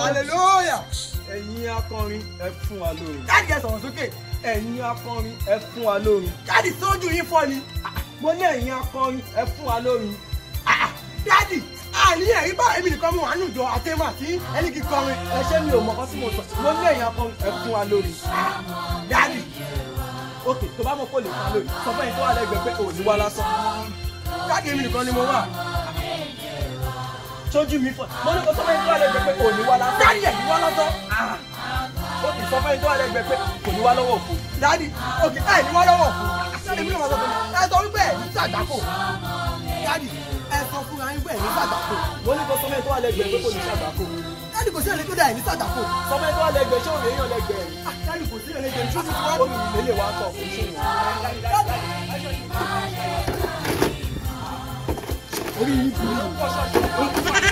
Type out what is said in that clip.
hallelujah ẹ̀yin akọrin ẹ fún wa lórin. jáde sójú yín fọ́ ni. mo ní ẹ̀yin akọrin ẹ fún wa lórin. Ah, jáde àní ẹ̀yin bá èmi nìkan mú àánú jọ àti ẹni kí kọrin ẹṣẹ́ mi ò mọ̀kọ́ tí mo sọ. mo ní ẹ̀yin akọrin ẹ fún wa lórin. Ah, jáde òkè tó bá mọ̀ kó lè fún wa lórin sọ fún ẹ̀yin tó wà lẹ́gbẹ̀ẹ́ òní wa lásán. jáde èmi nìkan ni mo wà tójú mi fún mo ní kó sọ fẹ́ni tó wà lẹ́gbẹ̀ẹ́ pé kò ní wá lásán dáàdì ẹ̀ ní wá lásán ó ti sọ fẹ́ni tó wà lẹ́gbẹ̀ẹ́ pé kò ní wá lọ́wọ́ òkú dáàdì òkè ẹ̀ ní wá lọ́wọ́ òkú dáàdì mi ò máa sọ fún mi ẹ sọ wípé ẹ̀ ní sàdákò dáàdì ẹ sọ fún mi wípé ẹ̀ ní sàdákò mo ní kó sọ fẹ́ni tó wà lẹ́gbẹ̀ẹ́ pé kò ní sàdákò dáàdì kò sí ẹ̀lẹ́gbẹ̀ẹ́ dà ẹ̀ ní sàdákò sọ fẹ́ni tó wà lẹ́gbẹ̀ẹ́ ṣé òun èèyàn lẹ́gbẹ̀ẹ́ dáàdì kò sí ẹ̀lẹ́gbẹ̀ẹ́ ṣé òun wá òun lè wá tọ̀ fún ṣé òun. orí yìí kù